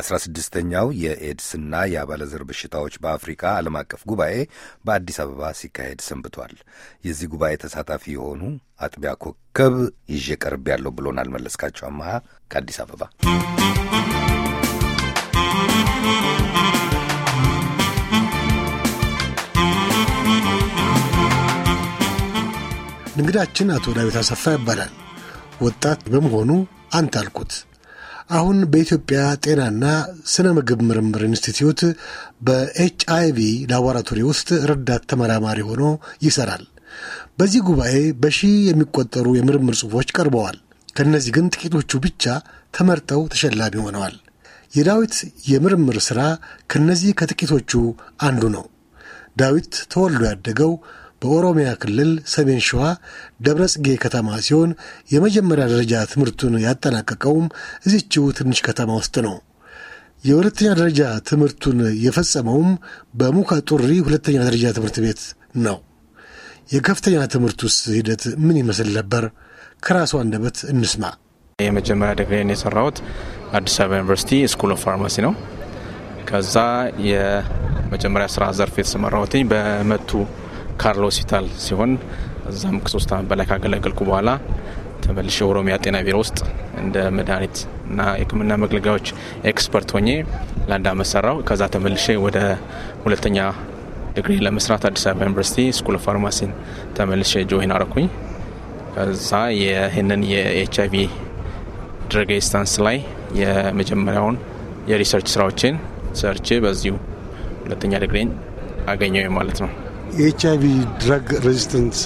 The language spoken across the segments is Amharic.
አስራ ስድስተኛው የኤድስና የአባለዘር በሽታዎች በአፍሪካ ዓለም አቀፍ ጉባኤ በአዲስ አበባ ሲካሄድ ሰንብቷል። የዚህ ጉባኤ ተሳታፊ የሆኑ አጥቢያ ኮከብ ይዤ ቀርብ ያለው ብሎናል መለስካቸው አመሃ ከአዲስ አበባ። እንግዳችን አቶ ዳዊት አሰፋ ይባላል። ወጣት በመሆኑ አንተ አልኩት አሁን በኢትዮጵያ ጤናና ስነ ምግብ ምርምር ኢንስቲትዩት በኤች አይ ቪ ላቦራቶሪ ውስጥ ረዳት ተመራማሪ ሆኖ ይሰራል። በዚህ ጉባኤ በሺህ የሚቆጠሩ የምርምር ጽሑፎች ቀርበዋል። ከእነዚህ ግን ጥቂቶቹ ብቻ ተመርጠው ተሸላሚ ሆነዋል። የዳዊት የምርምር ሥራ ከእነዚህ ከጥቂቶቹ አንዱ ነው። ዳዊት ተወልዶ ያደገው በኦሮሚያ ክልል ሰሜን ሸዋ ደብረጽጌ ከተማ ሲሆን የመጀመሪያ ደረጃ ትምህርቱን ያጠናቀቀውም እዚችው ትንሽ ከተማ ውስጥ ነው። የሁለተኛ ደረጃ ትምህርቱን የፈጸመውም በሙካ ጡሪ ሁለተኛ ደረጃ ትምህርት ቤት ነው። የከፍተኛ ትምህርቱስ ሂደት ምን ይመስል ነበር? ከራሱ አንደበት እንስማ። የመጀመሪያ ዲግሪን የሰራሁት አዲስ አበባ ዩኒቨርሲቲ ስኩል ኦፍ ፋርማሲ ነው። ከዛ የመጀመሪያ ስራ ዘርፍ የተሰማራሁትኝ በመቱ ካርሎ ሆስፒታል ሲሆን እዛም ከሶስት ዓመት በላይ ካገለገልኩ በኋላ ተመልሽ ኦሮሚያ ጤና ቢሮ ውስጥ እንደ መድኃኒት እና የሕክምና መገልገያዎች ኤክስፐርት ሆኜ ለአንድ ዓመት ሰራው። ከዛ ተመልሼ ወደ ሁለተኛ ዲግሪ ለመስራት አዲስ አበባ ዩኒቨርሲቲ ስኩል ፋርማሲን ተመልሼ ጆይን አረኩኝ። ከዛ ይህንን የኤች አይቪ ድረግ ስታንስ ላይ የመጀመሪያውን የሪሰርች ስራዎችን ሰርቼ በዚሁ ሁለተኛ ዲግሪን አገኘው ማለት ነው። የኤች አይቪ ድራግ ሬዚስተንስ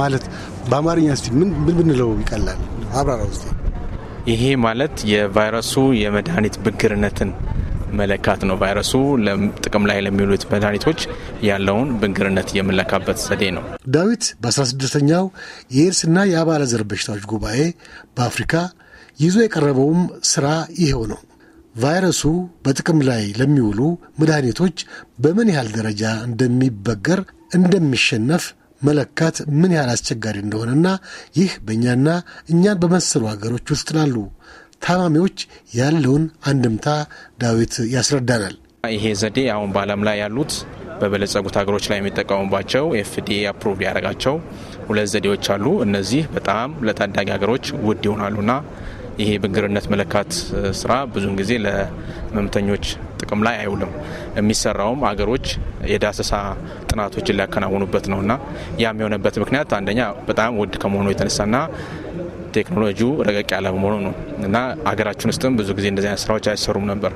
ማለት በአማርኛ ስ ምን ብንለው ይቀላል? አብራራ ውስጥ ይሄ ማለት የቫይረሱ የመድኃኒት ብግርነትን መለካት ነው። ቫይረሱ ጥቅም ላይ ለሚውሉት መድኃኒቶች ያለውን ብግርነት የምለካበት ዘዴ ነው። ዳዊት በ16ኛው የኤድስና የአባለዘር በሽታዎች ጉባኤ በአፍሪካ ይዞ የቀረበውም ስራ ይሄው ነው። ቫይረሱ በጥቅም ላይ ለሚውሉ መድኃኒቶች በምን ያህል ደረጃ እንደሚበገር እንደሚሸነፍ መለካት ምን ያህል አስቸጋሪ እንደሆነና ይህ በእኛና እኛን በመሰሉ ሀገሮች ውስጥ ላሉ ታማሚዎች ያለውን አንድምታ ዳዊት ያስረዳናል። ይሄ ዘዴ አሁን በዓለም ላይ ያሉት በበለጸጉት ሀገሮች ላይ የሚጠቀሙባቸው ኤፍዲኤ አፕሮቭድ ያደረጋቸው ሁለት ዘዴዎች አሉ። እነዚህ በጣም ለታዳጊ ሀገሮች ውድ ይሆናሉና ይሄ ብግርነት መለካት ስራ ብዙን ጊዜ ለህመምተኞች ጥቅም ላይ አይውልም። የሚሰራውም አገሮች የዳሰሳ ጥናቶችን ሊያከናውኑበት እና ያ የሚሆነበት ምክንያት አንደኛ በጣም ውድ ከመሆኑ የተነሳና ቴክኖሎጂው ረቀቅ ያለ መሆኑ ነው እና አገራችን ውስጥም ብዙ ጊዜ እንደዚህ አይነት ስራዎች አይሰሩም ነበር።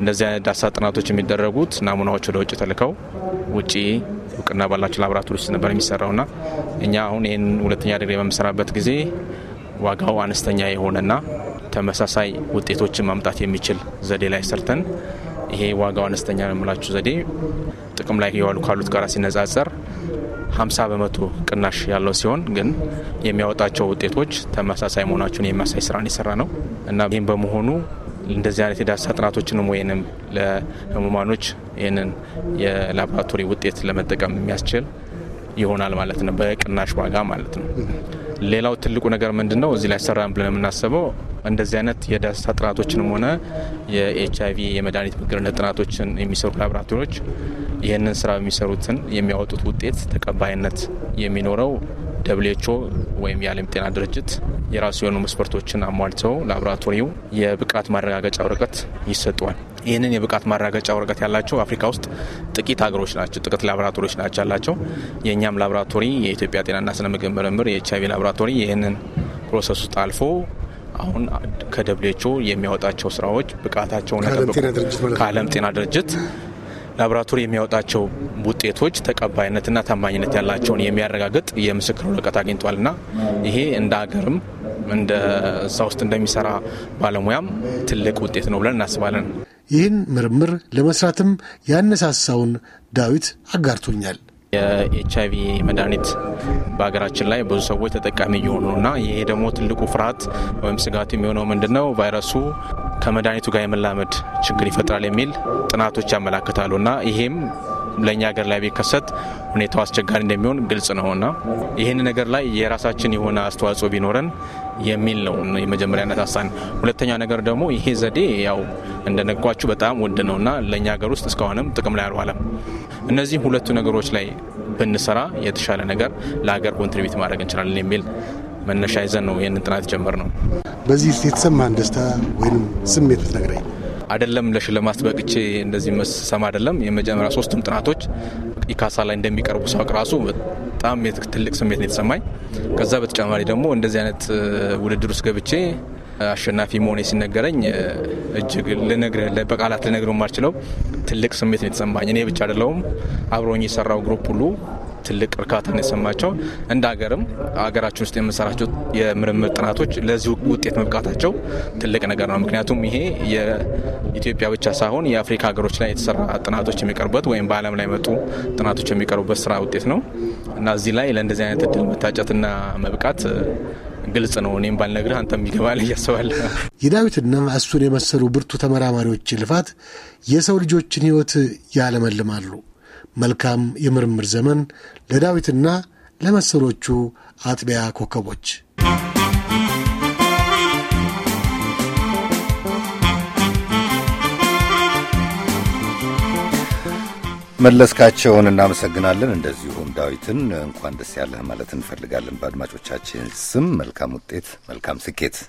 እንደዚህ አይነት ዳሰሳ ጥናቶች የሚደረጉት ናሙናዎች ወደ ውጭ ተልከው ውጭ እውቅና ባላቸው ላብራቶሪ ውስጥ ነበር የሚሰራውና እኛ አሁን ይህን ሁለተኛ ዲግሪ በምሰራበት ጊዜ ዋጋው አነስተኛ የሆነና ተመሳሳይ ውጤቶችን ማምጣት የሚችል ዘዴ ላይ ሰርተን ይሄ ዋጋው አነስተኛ ነው የምላችሁ ዘዴ ጥቅም ላይ የዋሉ ካሉት ጋር ሲነጻጸር 50 በመቶ ቅናሽ ያለው ሲሆን ግን የሚያወጣቸው ውጤቶች ተመሳሳይ መሆናቸውን የሚያሳይ ስራን የሰራ ነው እና ይህም በመሆኑ እንደዚህ አይነት የዳሳ ጥናቶችንም ወይንም ለህሙማኖች ይህንን የላቦራቶሪ ውጤት ለመጠቀም የሚያስችል ይሆናል ማለት ነው፣ በቅናሽ ዋጋ ማለት ነው። ሌላው ትልቁ ነገር ምንድን ነው እዚህ ላይ ሰራን ብለን የምናስበው እንደዚህ አይነት የዳሰሳ ጥናቶችንም ሆነ የኤች አይቪ የመድኃኒት ምግርነት ጥናቶችን የሚሰሩ ላብራቶሪዎች ይህንን ስራ የሚሰሩትን የሚያወጡት ውጤት ተቀባይነት የሚኖረው ደብሌቾ ወይም የዓለም ጤና ድርጅት የራሱ የሆኑ መስፈርቶችን አሟልተው ላቦራቶሪው የብቃት ማረጋገጫ ወረቀት ይሰጠዋል። ይህንን የብቃት ማራገጫ ወረቀት ያላቸው አፍሪካ ውስጥ ጥቂት ሀገሮች ናቸው፣ ጥቂት ላቦራቶሪዎች ናቸው ያላቸው። የእኛም ላቦራቶሪ የኢትዮጵያ ጤናና ስነ ምግብ ምርምር አይቪ ላቦራቶሪ ይህንን ፕሮሰስ ውስጥ አልፎ አሁን ከደብሌቾ የሚያወጣቸው ስራዎች ብቃታቸውን ከዓለም ጤና ድርጅት ላቦራቶሪ የሚያወጣቸው ውጤቶች ተቀባይነትና ታማኝነት ያላቸውን የሚያረጋግጥ የምስክር ወረቀት አግኝቷልና ይሄ እንደ ሀገርም እንደ እዛ ውስጥ እንደሚሰራ ባለሙያም ትልቅ ውጤት ነው ብለን እናስባለን። ይህን ምርምር ለመስራትም ያነሳሳውን ዳዊት አጋርቶኛል። የኤች አይቪ መድኃኒት በሀገራችን ላይ ብዙ ሰዎች ተጠቃሚ እየሆኑ ነው እና ይሄ ደግሞ ትልቁ ፍርሃት ወይም ስጋቱ የሚሆነው ምንድን ነው? ቫይረሱ ከመድኃኒቱ ጋር የመላመድ ችግር ይፈጥራል የሚል ጥናቶች ያመላክታሉ እና ይሄም ለእኛ ሀገር ላይ ቢከሰት ሁኔታው አስቸጋሪ እንደሚሆን ግልጽ ነውና ይህን ነገር ላይ የራሳችን የሆነ አስተዋጽኦ ቢኖረን የሚል ነው የመጀመሪያነት ሀሳን። ሁለተኛ ነገር ደግሞ ይሄ ዘዴ ያው እንደነጓችሁ በጣም ውድ ነውና ለእኛ ሀገር ውስጥ እስካሁንም ጥቅም ላይ አልዋለም። እነዚህ ሁለቱ ነገሮች ላይ ብንሰራ የተሻለ ነገር ለሀገር ኮንትሪቢት ማድረግ እንችላለን የሚል መነሻ ይዘን ነው ይህንን ጥናት ጀመር ነው። በዚህ የተሰማህን ደስታ ወይም ስሜት አይደለም ለሽልማት በቅቼ እንደዚህ መሰማ አይደለም። የመጀመሪያ ሶስቱም ጥናቶች ኢካሳ ላይ እንደሚቀርቡ ሳውቅ ራሱ በጣም ትልቅ ስሜት ነው የተሰማኝ። ከዛ በተጨማሪ ደግሞ እንደዚህ አይነት ውድድር ውስጥ ገብቼ አሸናፊ መሆኔ ሲነገረኝ እጅግ ልነግር በቃላት ልነግር የማልችለው ትልቅ ስሜት ነው የተሰማኝ። እኔ ብቻ አይደለውም አብሮኝ የሰራው ግሩፕ ሁሉ ትልቅ ነው የሰማቸው እንደ ሀገርም ሀገራችን ውስጥ የምንሰራቸው የምርምር ጥናቶች ለዚህ ውጤት መብቃታቸው ትልቅ ነገር ነው። ምክንያቱም ይሄ የኢትዮጵያ ብቻ ሳይሆን የአፍሪካ ሀገሮች ላይ የተሰራ ጥናቶች የሚቀርቡበት ወይም በዓለም ላይ መጡ ጥናቶች የሚቀርቡበት ስራ ውጤት ነው እና እዚህ ላይ ለእንደዚህ አይነት እድል መታጨትና መብቃት ግልጽ ነው። እኔም ባልነግርህ አንተ የሚገባል እያስባለ የዳዊትና እሱን የመሰሉ ብርቱ ተመራማሪዎች ልፋት የሰው ልጆችን ህይወት ያለመልማሉ። መልካም የምርምር ዘመን ለዳዊትና ለመሰሎቹ አጥቢያ ኮከቦች። መለስካቸውን እናመሰግናለን። እንደዚሁም ዳዊትን እንኳን ደስ ያለህ ማለት እንፈልጋለን። በአድማጮቻችን ስም መልካም ውጤት፣ መልካም ስኬት